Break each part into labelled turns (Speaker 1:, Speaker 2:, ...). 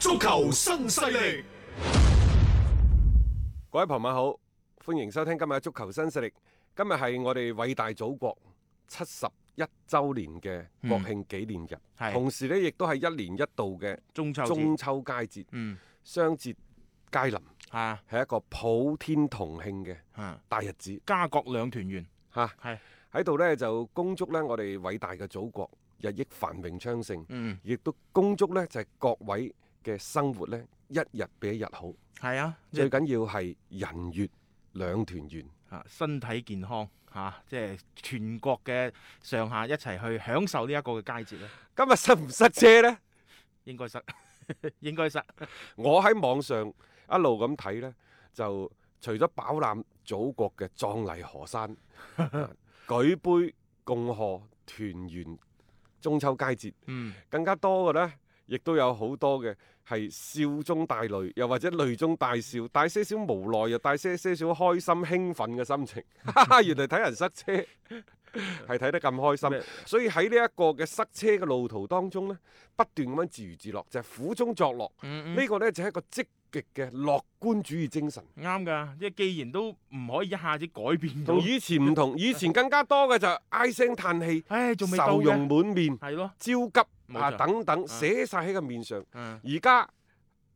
Speaker 1: 足球新勢力，各位朋友好，歡迎收聽今日嘅足球新勢力。今日係我哋偉大祖國七十一周年嘅國慶紀念日，嗯、同時呢亦都係一年一度嘅中秋中秋佳節，嗯，雙節佳臨係、啊、係一個普天同慶嘅大日子、啊，家國兩團圓吓，喺度、啊、是呢就恭祝呢我哋偉大嘅祖國日益繁榮昌盛，盛，亦都恭祝呢就係、是、各位。嘅生活呢，一日比一日好。
Speaker 2: 係啊，最緊
Speaker 1: 要係人月兩團圓
Speaker 2: 啊，身體健康吓，即係全國嘅上下一齊去享受呢一個嘅佳節呢。
Speaker 1: 今日塞唔塞車呢？
Speaker 2: 應該塞，應該塞。我喺網上一路
Speaker 1: 咁睇呢，就除咗飽覽祖國嘅壯麗河山，舉杯共賀團圓中秋佳節，嗯，更加多嘅呢。亦都有好多嘅係笑中帶淚，又或者淚中帶笑，帶些少無奈，又帶一些一些少開心、興奮嘅心情。哈哈！原來睇人塞車係睇 得咁開心，麼所以喺呢一個嘅塞車嘅路途當中呢，不斷咁樣自娛自樂，就係、苦中作樂。呢、嗯嗯、個呢，就係一個積極嘅樂觀主義精神。
Speaker 2: 啱㗎、嗯嗯，即係既然都唔可以一下子改變，同以前唔同，以前更加多嘅就唉聲嘆氣，唉，仲未到愁容滿面，係咯，焦急。啊！等
Speaker 1: 等，寫晒喺個面上。而家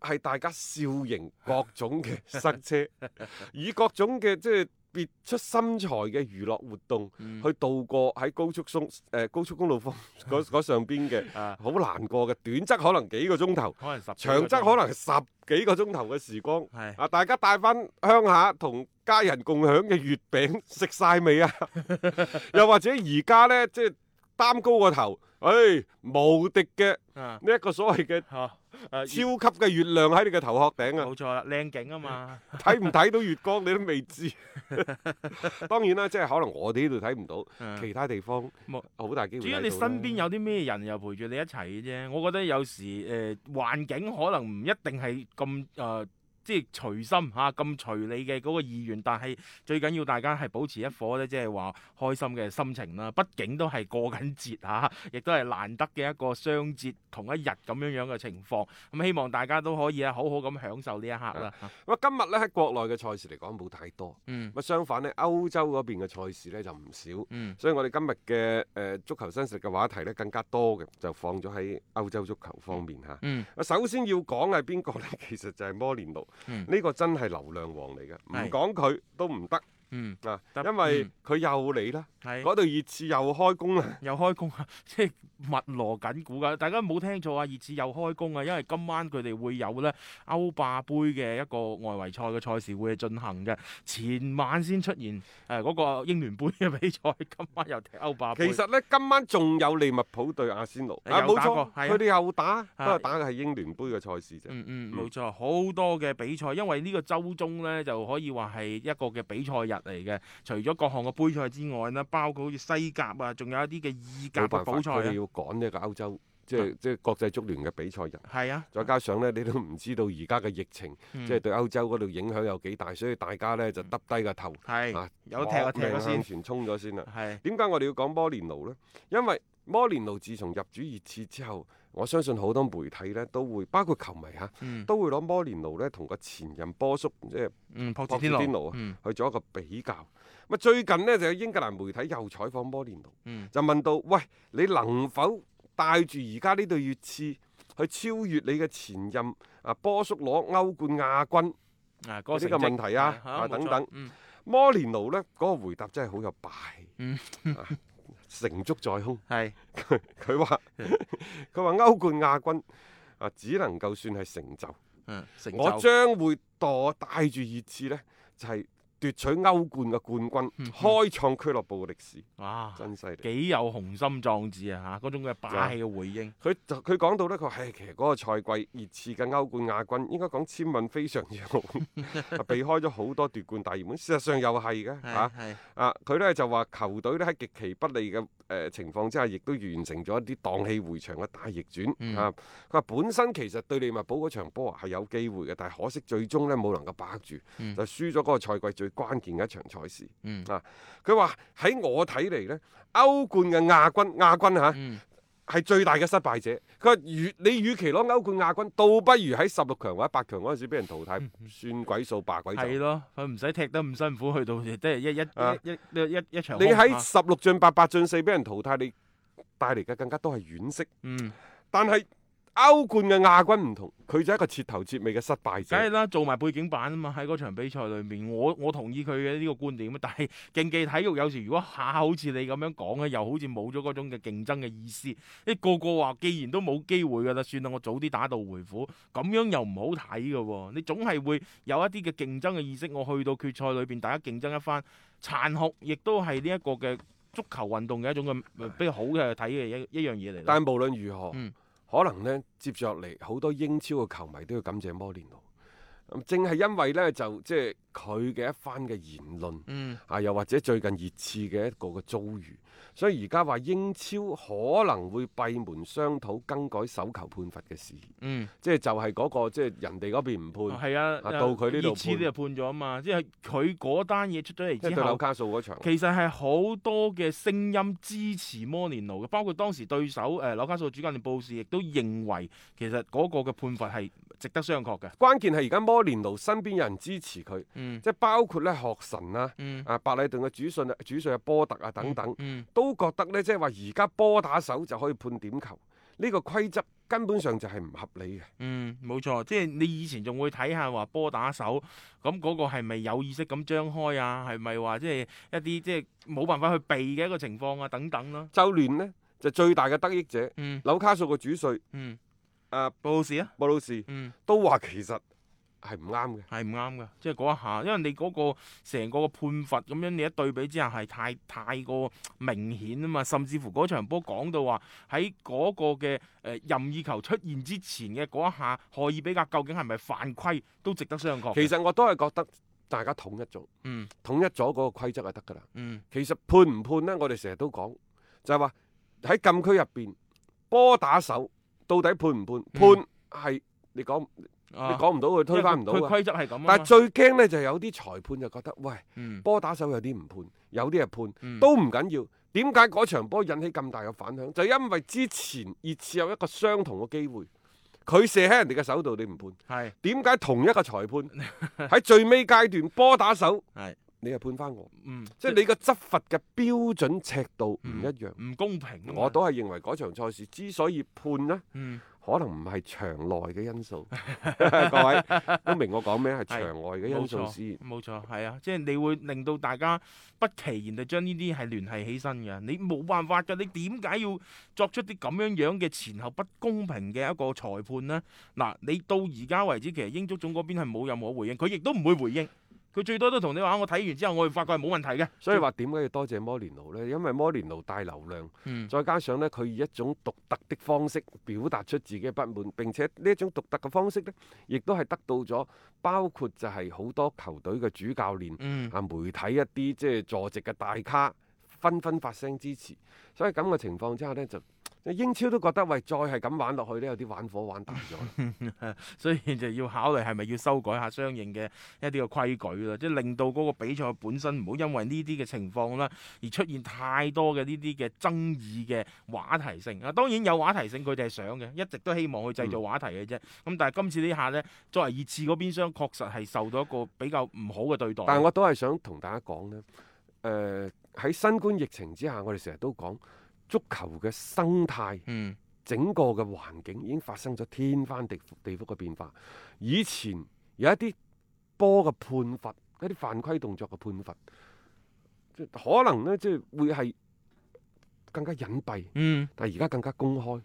Speaker 1: 係大家笑迎各種嘅塞車，以各種嘅即係別出心裁嘅娛樂活動去度過喺高速公誒高速公路方嗰嗰上邊嘅，好難過嘅短則可能幾個鐘頭，
Speaker 2: 長則
Speaker 1: 可能十幾個鐘頭嘅時光。啊！大家帶翻鄉下同家人共享嘅月餅食晒未啊？
Speaker 2: 又
Speaker 1: 或者而家呢，即係擔高個頭。誒、哎，無敵嘅呢一個所謂嘅、啊啊、超級嘅月亮喺你嘅頭殼頂啊！冇錯啦，靚景啊嘛，睇唔睇到月光 你都未知。 當然啦，即係可能我哋呢度
Speaker 2: 睇唔到，啊、其他地方好大機
Speaker 1: 會睇到、啊、主要你身邊
Speaker 2: 有啲咩人又陪住你一齊嘅啫。我覺得有時誒，環、呃、境可能唔一定係咁誒。呃即係隨心吓，咁隨你嘅嗰個意願，但係最緊要大家係保持一顆咧，即係話開心嘅心情啦。畢竟都係過緊節吓，亦都係難得嘅一個雙節同一日咁樣樣嘅情況。咁希望大家都可以咧，好好咁享受呢一刻啦。咁
Speaker 1: 啊，今日咧喺國內嘅賽事嚟講冇太多，咁、嗯、相反咧歐洲嗰邊嘅賽事咧就唔少，嗯、所以我哋今日嘅誒足球新勢力嘅話題咧更加多嘅，就放咗喺歐洲足球方面吓，嗯、首先要講係邊個咧？其實就係摩連奴。呢，嗯，個真係流量王嚟嘅，唔講佢都唔得。嗯啊，嗯因為佢又嚟啦，係嗰
Speaker 2: 度熱刺又開工啦，又開工啊！即係密鑼緊鼓噶，大家冇聽錯啊！熱刺又開工啊！因為今晚佢哋會有咧歐霸杯嘅一個外圍賽嘅賽事會進行嘅。前晚先出現誒嗰、呃那個英聯杯嘅比賽，今晚又踢歐霸杯。其實
Speaker 1: 咧，今晚仲有利物浦對阿仙奴啊，冇、啊、錯，佢哋又打不過
Speaker 2: 打嘅係英聯杯嘅賽事啫。嗯嗯，冇、嗯、錯，好多嘅比賽，因為呢個週中咧就可以話係一個嘅比賽日。呃嗯嗯嚟嘅，除咗各項嘅杯賽之外啦，包括好似西甲啊，仲有一啲嘅意甲嘅補賽佢哋要
Speaker 1: 趕呢個歐洲，啊、即係即係國際足聯嘅比賽日。係啊，再加上呢，你都唔知道而家嘅疫情，嗯、即係對歐洲嗰度影響有幾大，所以大家呢就耷低個頭。係，有踢就踢了衝了先向前衝咗先啦。係。點解我哋要講摩連奴呢？因為摩連奴自從入主熱刺之後。我相信好多媒體咧都會包括球迷嚇、啊，嗯、都會攞摩連奴咧同個前任波叔即係、嗯、波子天奴啊，嗯、去做一個比較。咁最近咧就有英格蘭媒體又採訪摩連奴，嗯、就問到：喂，你能否帶住而家呢隊熱刺去超越你嘅前任啊波叔攞歐冠亞軍呢個問題啊，啊，啊等等？摩連奴呢嗰個回答真係好有霸氣。嗯啊成竹在胸，係佢話佢話歐冠亞軍啊，只能夠算係成就。
Speaker 2: 嗯，成就。我將
Speaker 1: 會攞帶住熱刺呢，就係、是。奪取歐冠嘅冠軍，嗯、哼開創俱樂部嘅歷史，哇！真犀利，幾有雄心壯志啊嚇！嗰種嘅霸氣嘅回應，佢佢講到呢，佢話、哎：，其實嗰個賽季熱刺嘅歐冠亞軍，應該講簽運非常之好， 避開咗好多奪冠大熱門。事實上又係嘅嚇，啊佢的、啊、呢就話球隊咧喺極其不利嘅，誒、呃、情況之下，亦都完成咗一啲蕩氣迴腸嘅大逆轉、嗯、啊！佢話本身其實對利物浦嗰場波啊係有機會嘅，但係可惜最終呢冇能夠把握住，嗯、就輸咗嗰個賽季最關鍵嘅一場賽事、嗯、啊！佢話喺我睇嚟呢，歐冠嘅亞軍，亞軍嚇，啊嗯係最大嘅失敗者，佢話與你與其攞歐冠亞軍，倒不如喺十六強或者八強嗰陣時俾人淘汰，嗯、算鬼
Speaker 2: 數罷鬼。係咯，佢唔使踢得咁辛苦去到時，即係一一、啊、一一一,一場。你喺
Speaker 1: 十六進八、八進四俾人淘汰，你帶嚟嘅更加都係惋惜。嗯，但係。
Speaker 2: 歐冠嘅亞軍唔同，佢就係一個徹頭徹尾嘅失敗者。梗係啦，做埋背景板啊嘛。喺嗰場比賽裏面，我我同意佢嘅呢個觀點。但係競技體育有時如果下、下好似你咁樣講咧，又好似冇咗嗰種嘅競爭嘅意思。你個個話既然都冇機會噶啦，算啦，我早啲打道回府，咁樣又唔好睇噶。你總係會有一啲嘅競爭嘅意識。我去到決賽裏邊，大家競爭一番，殘酷亦都係呢一個嘅足球運動嘅一種嘅唉比較好嘅睇嘅一一樣嘢嚟。但無論
Speaker 1: 如何。嗯可能咧，接着落嚟好多英超嘅球迷都要感謝摩連奴。正係因為咧，就即係佢嘅一番嘅言論，嗯、啊，又或者最近熱刺嘅一個嘅遭遇，所以而家話英超可能會閉門商討更改手球判罰嘅事，嗯，即係就係嗰、嗰個即係人哋嗰邊唔判，係啊，啊到佢呢度判熱刺就
Speaker 2: 判咗啊嘛，即係佢嗰單嘢出咗嚟之後，對紐卡素嗰場，其實係好多嘅聲音支持摩連奴嘅，包括當時對手誒紐、呃、卡素主教練布士，亦都認為其實嗰個嘅判罰係。值得商榷嘅，關鍵係而家摩連奴身邊有人
Speaker 1: 支持佢，嗯、即係包括咧學神啦、啊，啊、嗯、白禮頓嘅主帥，主帥阿、啊、波特啊等等，嗯嗯、都覺得咧即係話而家波打手就可以判點球，呢、呢個規則
Speaker 2: 根本上就係唔合理嘅。嗯，冇錯，即係你以前仲會睇下話波打手，咁嗰個係咪有意識咁張開啊？係咪話即係一啲即係冇辦法去避嘅一個情況啊？等等啦、
Speaker 1: 啊。周聯呢，就最大嘅得益者，紐卡素嘅主帥。
Speaker 2: 啊布老士、啊？啊布老士，嗯，都話其實係唔啱嘅，係唔啱嘅，即係嗰一下，因為你嗰個成個判罰咁樣，你一對比之下係太太過明顯啊嘛，甚至乎嗰場波講到話喺嗰個嘅誒、呃、任意球出現之前嘅嗰一下，何爾比格究竟係咪犯規都值得商榷。其實我都係覺得大家統一咗，嗯、
Speaker 1: 統一咗嗰個規則就得噶啦。嗯，其實判唔判呢？我哋成日都講，就係話喺禁區入邊波打手。到底判唔判？判係你講，你講唔到佢、啊、推翻唔到啊！佢規則係咁。但係最驚呢，就有啲裁判就覺得，喂，嗯、波打手有啲唔判，有啲係判，嗯、都唔緊要。點解嗰場波引起咁大嘅反響？就因為之前熱刺有一個相同嘅機會，佢射喺人哋嘅手度，你唔判。係點解同一個裁判喺 最尾階段波打手？是你係判翻我，嗯，即係你個執法嘅標準尺度唔一樣，唔、嗯、公平。我都係認為嗰場賽事之所以判呢、嗯、可能唔係場內嘅因素。 各位都明我講咩？係場外嘅因素
Speaker 2: 冇錯，係才啊，即、就、係、是、你會令到大家不其然地將呢啲係聯繫起身嘅。你冇辦法㗎，你點解要作出啲咁樣樣嘅前後不公平嘅一個裁判呢？嗱，你到而家為止，其實英足總嗰邊係冇任何回應，佢亦都唔會回應。佢最多都同你話：我睇完之後，我會發覺係冇問題嘅。所以話點解要多謝摩連奴
Speaker 1: 呢？因為摩連奴帶流量，嗯、再加上呢，佢以一種獨特的方式表達出自己嘅不滿，並且呢一種獨特嘅方式呢，亦都係得到咗包括就係好多球隊嘅主教練、啊、嗯、媒體一啲即係坐席嘅大咖紛紛發聲支持。所以咁嘅情況之下呢。就。英超都覺得喂，再係咁玩落去
Speaker 2: 都有啲玩火玩大咗， 所以就要考慮係咪要修改下相應嘅一啲嘅規矩啦，即係令到嗰個比賽本身唔好因為呢啲嘅情況啦，而出現太多嘅呢啲嘅爭議嘅話題性。啊，當然有話題性，佢哋係想嘅，一直都希望去製造話題嘅啫。咁、嗯、但係今次呢下呢，作為熱刺嗰邊廂，確實係受到一個比較唔好嘅對待。但係我
Speaker 1: 都係想同大家講呢，誒、呃、喺新冠疫情之下，我哋成日都講。足球嘅生態，嗯、整個嘅環境已經發生咗天翻地覆地覆嘅變化。以前有一啲波嘅判罰，一啲犯規動作嘅判罰，即係可能呢即係、即係、會係更加隱蔽。嗯，但係而家更加公開，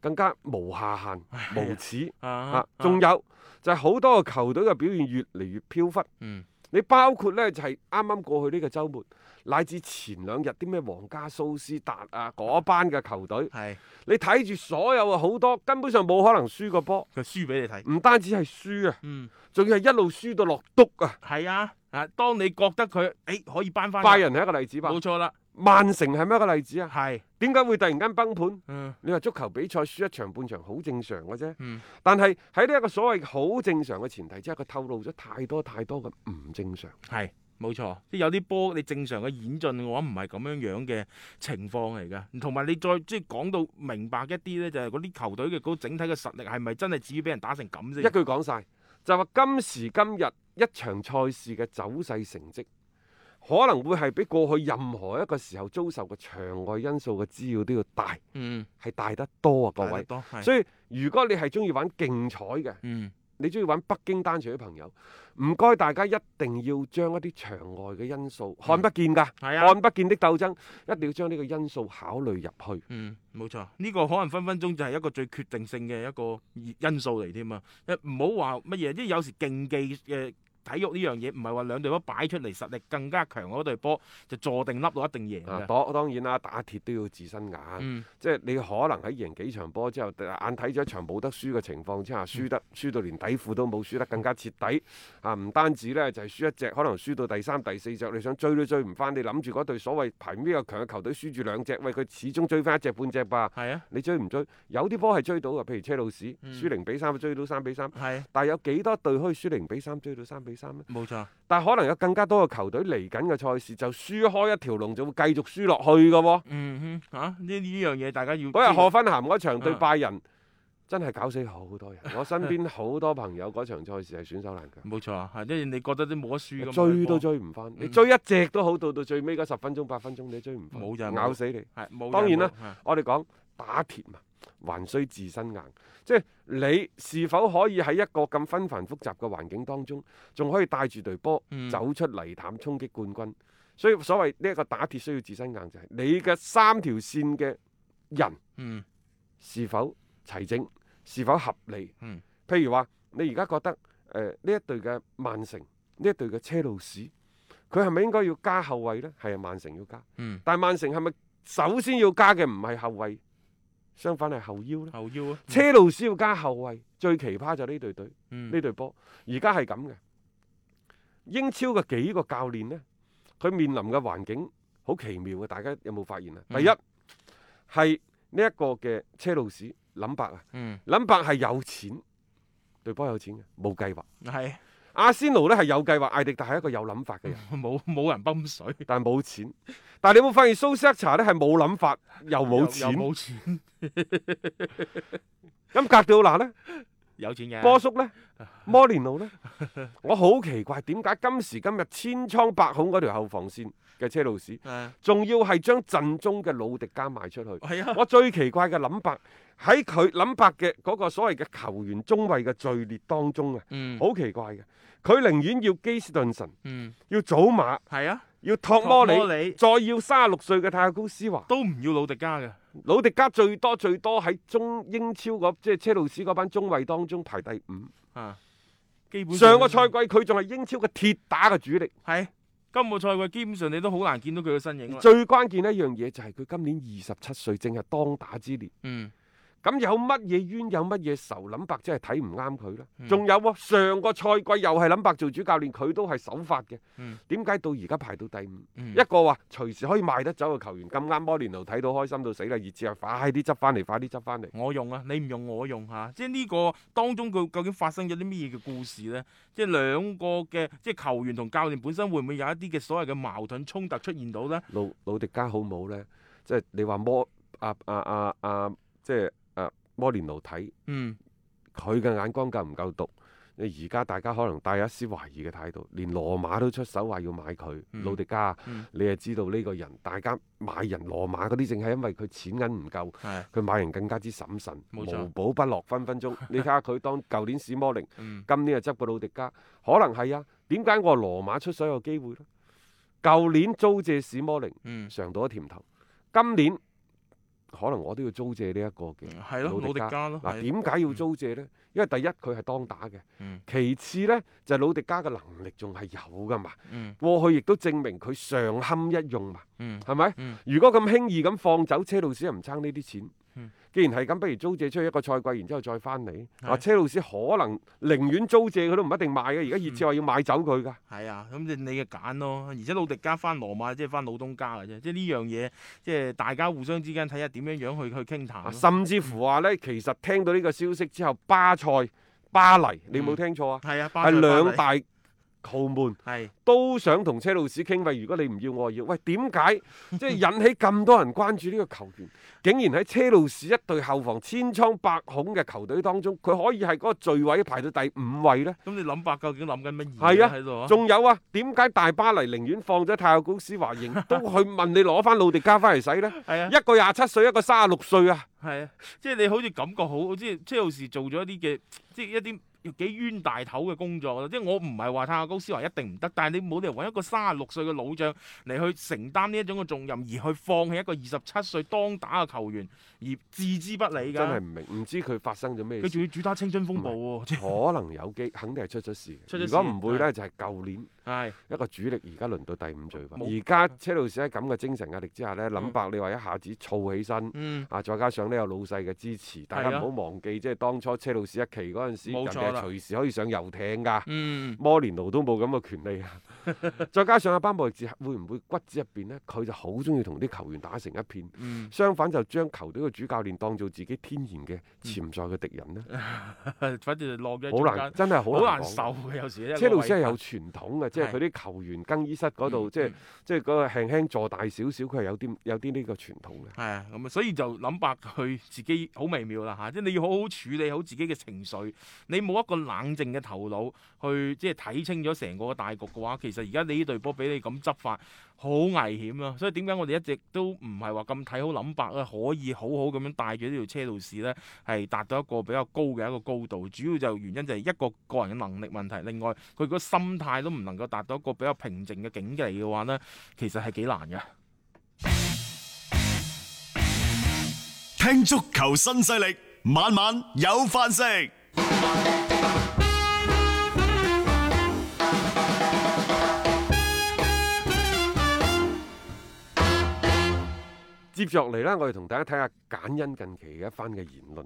Speaker 1: 更加無下限、哎、呀無恥恥啊！仲有、啊、就係好多個球隊嘅表現越嚟越飄忽。嗯。你包括呢，就係啱啱過去呢個周末，乃至前兩日啲咩皇家蘇斯達啊嗰班嘅球隊，係是你睇住，所有啊好多根本上冇可能輸個波，就輸俾你睇。唔單止係輸啊，嗯，仲要係一路輸到落督啊。係啊，啊，當你覺得佢誒可以扳翻，拜仁係一個例子吧。冇錯啦。曼城係咩嘢個例子啊？係點解會突然間崩盤？嗯，你話足球比賽輸一場半場好正常嘅啫。嗯，但係喺呢一個所謂好正常嘅前提之下，佢透露咗太多太多嘅唔正常。
Speaker 2: 係冇錯，即有啲波你正常嘅演進嘅話，唔係咁樣樣嘅情況嚟噶。同埋你再即係講到明白一啲咧，就係嗰啲球隊嘅嗰個整體嘅實力係咪真係至於俾人打成咁啫？一句講晒，就係話今時今日一
Speaker 1: 場賽事嘅走勢成績。可能會係比過去任何一個時候遭受嘅場外因素嘅滋擾都要大，嗯，係大得多啊，各位。所以如果你係中意玩競彩嘅，嗯，你中意玩北京單場嘅朋友，唔該大家一定要將一啲場外嘅因素，看是不見㗎，係啊，看不見的鬥爭，一定要將呢個因素考慮入去。
Speaker 2: 嗯，冇錯，呢個可能分分鐘就係一個最決定性嘅一個因素嚟添啊！誒，唔好話乜嘢，即係有時競技嘅，體育呢樣嘢唔係話兩隊波擺出嚟實力更加強嗰隊波就坐定笠到一定贏㗎、啊。當然啦，打鐵都要自身硬，嗯、即係你可能喺贏幾場波之後，眼睇
Speaker 1: 咗一場冇得輸嘅情況之下，輸得輸、嗯、到連底褲都冇，輸得更加徹底。啊，唔單止呢，就係、是、輸一隻，可能輸到第三、第四隻，你想追都追唔翻。你諗住嗰隊所謂排名又強嘅球隊輸住兩隻，喂，佢始終追翻一隻半隻吧？係啊、你追唔追？有啲波係追到嘅，譬如車路士輸零比三追到三比三。但係有幾多隊可以輸零比三追到三比？3, 冇錯，但係可能有更加多嘅球隊嚟緊嘅賽事就輸開一條龍，就會繼續輸落去嘅
Speaker 2: 喎。嗯哼，嚇呢呢樣嘢大家要。嗰日賀芬
Speaker 1: 咸嗰場對拜仁
Speaker 2: 真係搞死好多人，
Speaker 1: 我身邊好多朋友嗰場賽事係選手難嘅。
Speaker 2: 冇錯啊，因為你覺得都冇得
Speaker 1: 輸咁追都追唔翻。你追一隻都好，到到最尾嗰十分鐘、八分鐘你追唔翻，冇就咬死你。係，當然啦，我哋講打鐵啊。還需自身硬，即係你是否可以喺一個咁紛繁複雜嘅環境當中，仲可以帶住隊波走出泥潭衝擊冠軍？所以所謂呢一個打鐵需要自身硬就係、是、你嘅三條線嘅人，嗯，是否齊整，是否合理？嗯、譬如話你而家覺得誒呢、呃、一隊嘅曼城呢一隊嘅車路士，佢係咪應該要加後衛呢？係啊，曼城要加，嗯、但係曼城係咪首先要加嘅唔係後衛？相反係後腰咧，後腰啊，腰啊嗯、車路士要加後衛，最奇葩就呢隊隊呢隊波，而家係咁嘅。英超嘅幾個教練呢，佢面臨嘅環境好奇妙嘅，大家有冇發現啊？嗯、第一係呢一個嘅車路士林伯。啊，林伯係有錢，隊波有錢嘅，冇計劃。係。阿仙奴咧係有計劃，艾迪達係一個有諗法嘅人，冇冇人泵水，但係冇錢。但係你有冇發現蘇斯克查咧係冇諗法又冇錢？咁 格調拿咧
Speaker 2: 有錢嘅，波叔
Speaker 1: 咧摩連奴咧， 我好奇怪點解今時今日千瘡百孔嗰條後防線嘅車路士，仲 要係將陣中嘅魯迪加賣出去？係啊！我最奇怪嘅諗法喺佢諗法嘅嗰個所謂嘅球員中衛嘅序列當中啊，好奇怪嘅。嗯佢寧願要基斯坦臣，嗯、要祖馬，係啊，要托摩里，摩再要三十六歲嘅泰高斯華，都唔要魯迪加嘅。魯迪加最多最多喺中英超即係車路士嗰班中衞當中排第五。啊，基本上，上個賽季佢仲係英超
Speaker 2: 嘅鐵打嘅主力。係、啊、今個賽季基本上你都好難見到佢嘅身影。最
Speaker 1: 關鍵一樣嘢就係佢今年二十七歲，正係當打之年。嗯。咁、嗯、有乜嘢冤有乜嘢仇？林柏真係睇唔啱佢啦。仲有喎，上個賽季又係林柏做主教練，佢都係首發嘅。點解到而家排到第五？嗯、一個話隨時可以賣得走嘅球
Speaker 2: 員咁啱，摩連奴睇到開心到死啦，熱刺啊，快啲執翻嚟，快啲執翻嚟。我用啊，你唔用我用吓、啊。即係呢個當中佢究竟發生咗啲咩嘅故事咧？即係兩個嘅即係球員同教練本身會唔會有一啲嘅所謂嘅矛盾衝突出現到咧？
Speaker 1: 盧迪加好唔好咧？即係你話摩阿阿阿阿即係。摩連奴睇，佢嘅、嗯、眼光夠唔夠毒？你而家大家可能帶有一絲懷疑嘅態度，連羅馬都出手話要買佢，老、嗯、迪加，嗯、你係知道呢個人，大家買人羅馬嗰啲，淨係因為佢錢銀唔夠，佢、嗯、買人更加之審慎，錯無寶不落分分鐘。錯你睇下佢當舊年史摩寧，嗯、今年又執過老迪加，可能係啊？點解我話羅馬出手有機會咧？舊年租借史摩寧，嗯，嘗到一甜頭，今年。可能我都要租借呢一個嘅，老的迪加咯。嗱，點解、啊、的要租借呢？嗯、因為第一佢係當打嘅，嗯、其次呢，就係、是、老迪加嘅能力仲係有噶嘛。嗯、過去亦都證明佢上堪一用嘛，係咪？如果咁輕易咁放走車路士，又唔爭呢啲錢。既然係咁，不如租借出去一個賽季，然之
Speaker 2: 後再翻嚟。阿、啊、車
Speaker 1: 老師可能寧願租借佢都唔一定賣嘅。而家熱刺話
Speaker 2: 要買走佢㗎。係、嗯、啊，咁你你嘅揀咯。而且路迪加翻羅馬即係翻老東家㗎啫。即係呢樣嘢，即係大家互相之間睇下點樣樣去去傾談。
Speaker 1: 甚至乎話呢，其實聽到呢個消息之後，巴塞、巴黎，你有冇聽錯啊？係、嗯、啊，係兩大豪門係是都想同車路士傾偈，如果你唔要我要，要，喂，點解即係引起咁多人關注呢個球員？ 竟然喺車路士一隊後防千瘡百孔嘅球隊當中，佢可以係嗰個最位排到第五位呢？咁你諗法究竟諗緊乜嘢咧啊？仲有啊？點解大巴黎寧願放咗太陽公司華盈都去問你攞翻魯迪加翻嚟使呢？係 啊，一個廿七歲，一個三十六歲啊！係啊，
Speaker 2: 即係你好似感覺好，好似車路士做咗一啲嘅，即係一啲。一幾冤大頭嘅工作啦，即係我唔係話泰亞高斯華一定唔得，但係你冇理由揾一個三十六歲嘅老將嚟去承擔呢一種嘅重任，而去放棄一個二十七歲當打嘅球員而置之不理㗎、啊。真係唔明，唔知佢發生咗咩事。佢仲要主打青春風暴喎、啊。可
Speaker 1: 能有機，肯定係出咗事，事。如果唔會咧，對 就係舊年。係一個主力，而家輪到第五聚吧。而家車路士喺咁嘅精神壓力之下呢，諗白你話一下子燥起身，啊，再加上呢有老細嘅支持，大家唔好忘記，即係當初車路士一期嗰陣時，人哋隨時可以上遊艇㗎。摩連奴都冇咁嘅權利啊！再加上阿班布爾治會唔會骨子入邊呢？佢就好中意同啲球員打成一片，相反就將球隊嘅主教練當做自己天然嘅潛在嘅敵人咧。
Speaker 2: 反正落嘅好難，真係好難受。有時車路士係有
Speaker 1: 傳統嘅。即係佢啲球員更衣室嗰度，即係即係嗰個輕輕坐大少少，佢係有啲有
Speaker 2: 啲呢個傳統嘅。係啊，咁啊，所以就諗白佢自己好微妙啦嚇，啊，即係你要好好處理好自己嘅情緒。你冇一個冷靜嘅頭腦去即係睇清咗成個大局嘅話，其實而家你呢隊波俾你咁執法。好危險啊！所以點解我哋一直都唔係話咁睇好林柏咧？可以好好咁樣帶住呢條車路士咧，係達到一個比較高嘅一個高度。主要就原因就係一個個人嘅能力問題，另外佢個心態都唔能夠達到一個比較平靜嘅境地嘅話咧，其實係幾難嘅。聽足球新勢力，晚晚有飯食。
Speaker 1: 接住落嚟呢，我哋同大家睇下簡恩近期嘅一番嘅言論。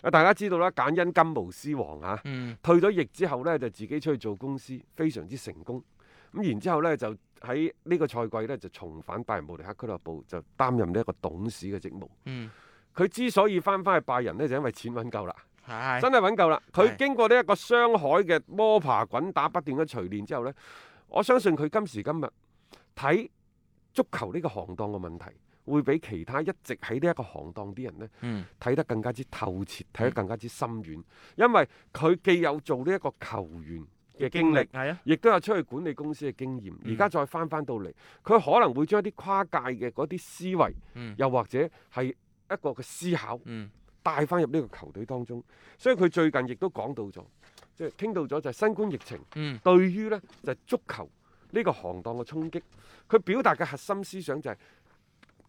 Speaker 1: 啊，大家知道啦，簡恩金毛獅王嚇、啊，嗯、退咗役之後呢，就自己出去做公司，非常之成功。咁、嗯嗯、然之後呢，就喺呢個賽季呢，就重返拜仁慕尼黑俱樂部，就擔任呢一個董事嘅職務。佢、嗯、之所以翻返去拜仁呢，就因為錢揾夠啦，是真係揾夠啦。佢是經過呢一個商海嘅摸爬滾打，不斷嘅錘煉之後呢，我相信佢今時今日睇足球呢個行當嘅問題。會比其他一直喺呢一個行當啲人咧，睇、嗯、得更加之透徹，睇、嗯、得更加之深遠。因為佢既有做呢一個球員嘅經歷，係啊歷，亦都有出去管理公司嘅經驗。而家、嗯、再翻翻到嚟，佢可能會將一啲跨界嘅嗰啲思維，嗯、又或者係一個嘅思考，帶翻入呢個球隊當中。所以佢最近亦都講到咗，即係傾到咗就係新冠疫情、嗯、對於呢就係、係、足球呢個行當嘅衝擊。佢表達嘅核心思想就係、係。就係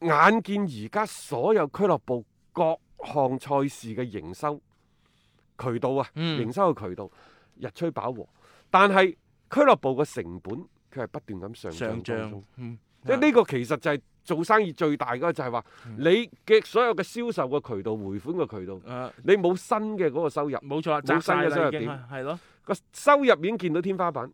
Speaker 1: 眼見而家所有俱樂部各項賽事嘅營收渠道啊，嗯、營收嘅渠道日趨飽和，但係俱樂部嘅成本佢係不斷咁上上漲，即係呢個其實就係做生意最大嘅就係、是、話，嗯、你嘅所有嘅銷售嘅渠道回款嘅渠道，渠道嗯、你冇新嘅嗰個收入，冇錯，冇新嘅收入點，係、啊、咯、嗯，個收入已經見到天花板，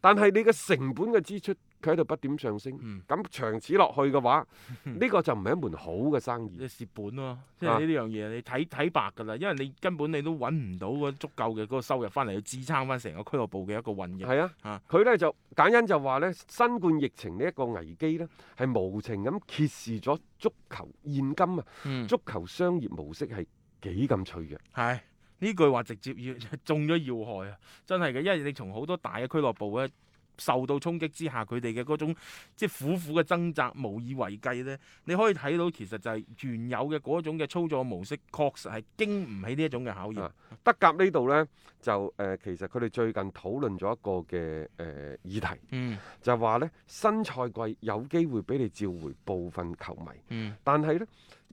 Speaker 1: 但係你嘅成本嘅支出、嗯。佢喺度不斷上升，咁、嗯、長此落去嘅話，呢、嗯、個就唔係一門好
Speaker 2: 嘅生意。你蝕本咯、啊，啊、即係呢樣嘢你睇睇白㗎啦，因為你根本你都揾唔到足夠嘅嗰個收入翻嚟去支撐翻成個俱樂部嘅一個運營。係啊，
Speaker 1: 佢咧、啊、就簡恩就話咧，新冠疫情呢一個危機咧係無情咁揭示
Speaker 2: 咗足球現今啊，嗯、
Speaker 1: 足球商業模式係幾咁脆弱。
Speaker 2: 係呢、哎、句話直接要中咗要害啊！真係嘅，因為你從好多大嘅俱樂部咧。受到衝擊之下，佢哋嘅嗰種即苦苦嘅掙扎，無以為繼呢，你可以睇到，其實就係原有嘅嗰種嘅操作模式，確實係經唔起呢一種嘅考驗、啊。德甲呢度呢，就誒、呃，其
Speaker 1: 實佢哋最近討論咗一個嘅誒、呃、議題，嗯、就話呢新賽季有機會俾你召回部分球迷，嗯、但係咧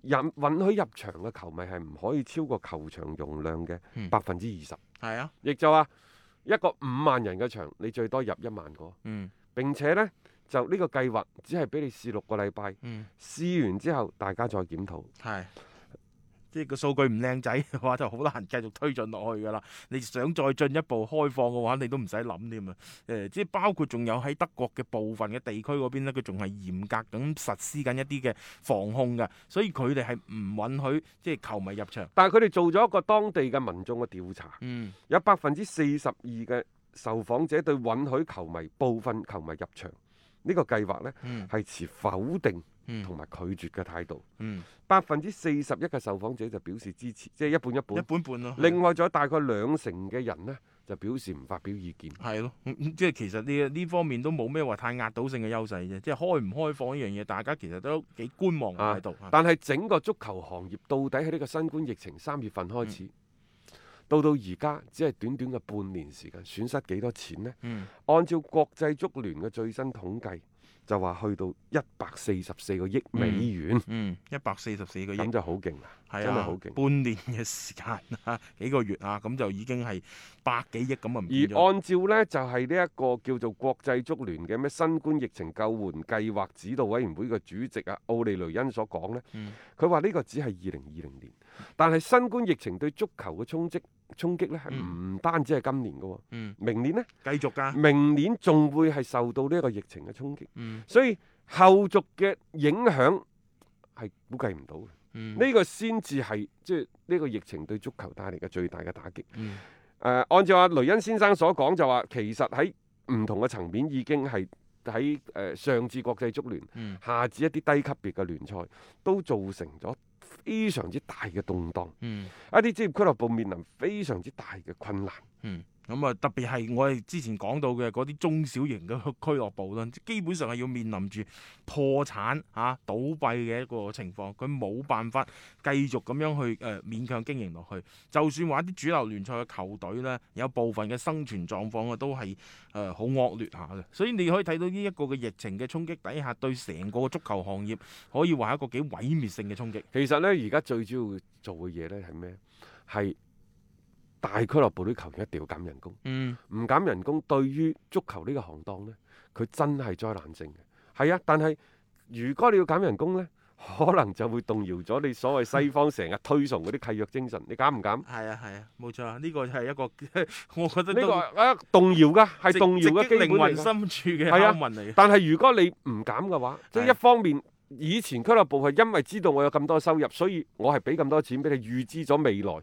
Speaker 1: 入、允許入場嘅球迷係唔可以超過球場容量嘅百分之二十。係、嗯嗯、啊，亦就話。一個五萬人嘅場，你最多入一萬個。嗯。並且呢，就呢個計劃只係俾你試六個禮拜。嗯。試
Speaker 2: 完之後，大家再檢討。係。即係個數據唔靚仔嘅話，就好難繼續推進落去㗎啦。你想再進一步開放嘅話，你都唔使諗添啊。誒、呃，即係包括仲有喺德國嘅部分嘅地區嗰邊咧，佢仲係嚴格咁實施緊一啲嘅防控嘅，所以佢哋係唔允許即係球迷入場。但係佢哋做咗一個當地
Speaker 1: 嘅民眾嘅調查，嗯、有百分之四十二嘅受訪者對允許球迷部分球迷入場呢、呢個計劃咧，係、嗯、持否定，同埋拒絕嘅態度。嗯，百分之四十一嘅受訪者就表示支持，即係一半一半。一半半咯。另
Speaker 2: 外，仲有大概兩成嘅人呢，就表示唔發表意見。係咯、嗯，即係其實呢呢方面都冇咩話太壓倒性嘅優勢啫。即係開唔開放呢樣嘢，大家其實都幾觀望嘅態度。啊、的但係整個足球行業到
Speaker 1: 底喺呢個新冠疫情三月份開始，嗯、到到而家只係短短嘅半年時間，損失幾多錢呢？嗯、按照國際足聯嘅最新統計。就話去到一百四十四個億美元，嗯，
Speaker 2: 一百四十四個億咁就好勁啦，係啊，真係好勁，半年嘅時間啊，幾個月啊，咁就已經係百幾億咁啊，唔而按照呢，就係呢一個叫
Speaker 1: 做國際足聯嘅咩新冠疫情救援計劃指導委員會嘅主席啊奧利雷恩所講呢，佢話呢個只係二零二零年，但係新冠疫情對足球嘅衝擊。衝擊呢係唔單止係今年嘅，嗯、明年呢？繼續㗎。明年仲會係受到呢一個疫情嘅衝擊，嗯、所以後續嘅影響係估計唔到嘅。呢、嗯、個先至係即係呢個疫情對足球帶嚟嘅最大嘅打擊。誒、嗯呃，按照阿雷恩先生所講，就話其實喺唔同嘅層面已經係喺誒上至國際足聯，下至一啲低級別嘅聯賽，都造成咗非常之大嘅動蕩，嗯，一啲職業俱樂部面
Speaker 2: 臨非常之大嘅困難，嗯。咁啊，特別係我哋之前講到嘅嗰啲中小型嘅俱樂部啦，基本上係要面臨住破產啊、倒閉嘅一個情況，佢冇辦法繼續咁樣去誒、呃、勉強經營落去。就算話啲主流聯賽嘅球隊咧，有部分嘅生存狀況啊，都係誒好惡劣下嘅。所以你可以睇到呢一個嘅疫情嘅衝擊底下，對成個足球行業可以話係一個幾毀滅性嘅衝擊。其實咧，而家最主要做嘅嘢咧係咩？係。
Speaker 1: 大俱樂部啲球員一定要減人工，唔減、嗯、人工對於足球呢個行當呢，佢真係災難性嘅。係啊，但係如果你要減人工呢，可能就會動搖咗你所謂西方成日推崇嗰啲契約精神。嗯、你減唔減？係啊係
Speaker 2: 啊，冇錯、啊、呢、呢個係一個，我覺得呢、呢個啊動搖噶，
Speaker 1: 係動搖嘅靈魂深處嘅係啊，但係如果你唔減嘅話，即係、啊、一方面。以前俱樂部係因為知道我有咁多收入，所以我係俾咁多錢俾你預支咗未來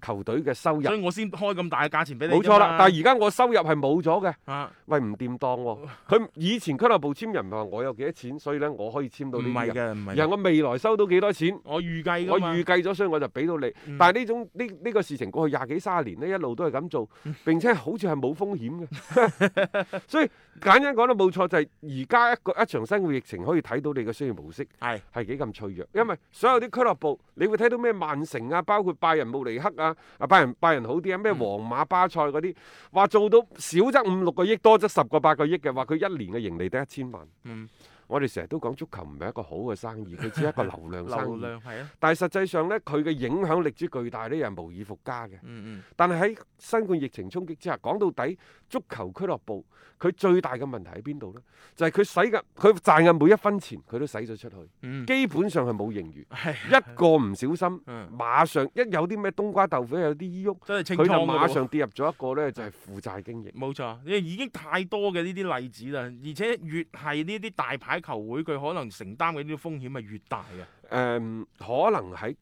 Speaker 1: 球隊
Speaker 2: 嘅收入、嗯，所以我先開咁大嘅價錢俾你。冇錯啦，但係而家
Speaker 1: 我收入係冇咗嘅，啊、喂唔掂當喎、啊。佢以前俱樂部簽人唔係話我有幾多錢，所以咧我可以簽到呢啲人，然後我未來收到幾多錢，我預計，我預計咗，所以我就俾到你。嗯、但係呢種呢呢、這個事情過去廿幾三十年呢，一路都係咁做，並且好似係冇風險嘅。 所以簡單講咧，冇錯就係而家一個一場新嘅疫情可以睇到你嘅需要係係幾咁脆弱，因為所有啲俱樂部你會睇到咩曼城啊，包括拜仁慕尼黑啊，啊拜仁拜仁好啲啊，咩皇馬、巴塞嗰啲，話做到少則五六個億，多則十個八個億嘅話，佢一年嘅盈利得一千萬。嗯我哋成日都講足球唔係一個好嘅生意，佢只係一個流量生意。 流量係啊，但係實際上呢，佢嘅影響力之巨大呢，又無以復加嘅。嗯嗯、但係喺新冠疫情衝擊之下，講到底，足球俱樂部佢最大嘅問題喺邊度呢？就係佢使嘅，佢賺嘅每一分錢，佢都使咗出去。嗯、基本上係冇盈餘。 一個唔小心，馬上一有啲咩冬瓜豆腐，有啲依
Speaker 2: 喐，佢就馬上
Speaker 1: 跌入咗一個呢，就係、是、負債經營。
Speaker 2: 冇錯，你已經太多嘅呢啲例子啦。而且越係呢啲大牌。球會佢可能承擔嘅呢啲風險係越大
Speaker 1: 嘅。誒、呃，可能喺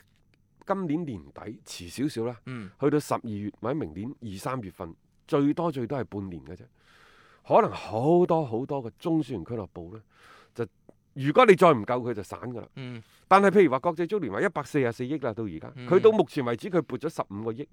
Speaker 1: 今年年底遲少少啦，嗯，去到十二月或者明年二三月份，最多最多係半年嘅啫，可能好多好多嘅中小型俱樂部咧，就如果你再唔夠佢就散噶啦，嗯。但係，譬如話國際足聯話一百四十四億啦，到而家佢到目前為止佢撥咗十五個億，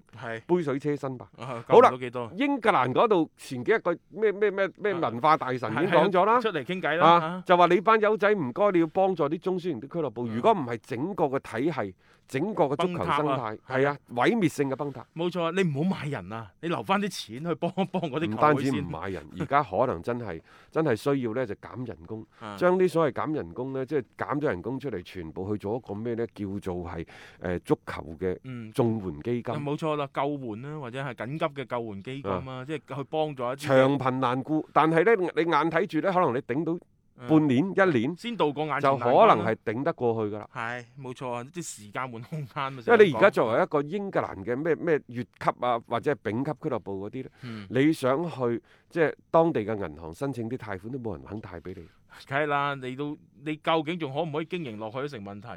Speaker 1: 杯水車薪吧。好啦，英格蘭嗰度前幾日個咩咩咩咩文化大臣已經講咗
Speaker 2: 啦，出嚟傾偈啦，啊啊、就
Speaker 1: 話你班友仔唔該，你要幫助啲中專啲俱樂部，嗯、如果唔係整個嘅體系。」整個嘅足球生態係啊，啊毀滅性嘅崩塌。冇
Speaker 2: 錯，你唔好買人啊，你留翻啲錢去幫幫嗰啲球隊先。唔單止唔買
Speaker 1: 人，而家 可能真係真係需要咧，就減人工，將啲、啊、所謂減人工咧，即係減咗人工出嚟，全部去做一個咩咧，叫做係誒、呃、足球嘅嗯綜援基金。冇
Speaker 2: 錯啦，救援啊，或者係緊急嘅救援基金啊，啊即係去幫助一啲長貧
Speaker 1: 難顧，但係咧你眼睇住咧，可能你頂到。嗯、半年、一年，先渡過眼，就可能係頂得過去㗎啦。
Speaker 2: 係，冇錯，即係時間換空間，因為你而家作為
Speaker 1: 一個英格蘭嘅咩咩乙級啊，或者係丙級俱樂部嗰啲咧，嗯、你想去即係當地嘅銀行申請啲貸款，都冇人肯貸俾你。梗
Speaker 2: 係啦，你都你究竟仲可唔可以經營落去都成問題。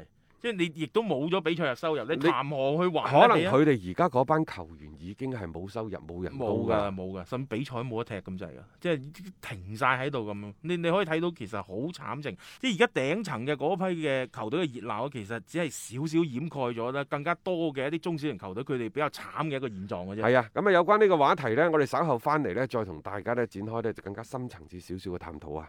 Speaker 2: 即係你亦都冇咗比賽日收入，你橫行你去橫，可能佢哋
Speaker 1: 而家嗰班球
Speaker 2: 員已經係冇收入冇人冇噶冇噶，甚至比賽冇得踢咁滯噶，即係停晒喺度咁樣。你你可以睇到其實好慘情，即係而家頂層嘅嗰批嘅球隊嘅熱鬧，其實只係少少掩蓋咗咧更加多嘅一啲中小型球隊佢哋比較慘嘅一個現狀嘅啫。係啊，
Speaker 1: 咁啊有關呢個話題咧，我哋稍後翻嚟咧，再同大家咧展開咧就更加深層次少少嘅探討啊。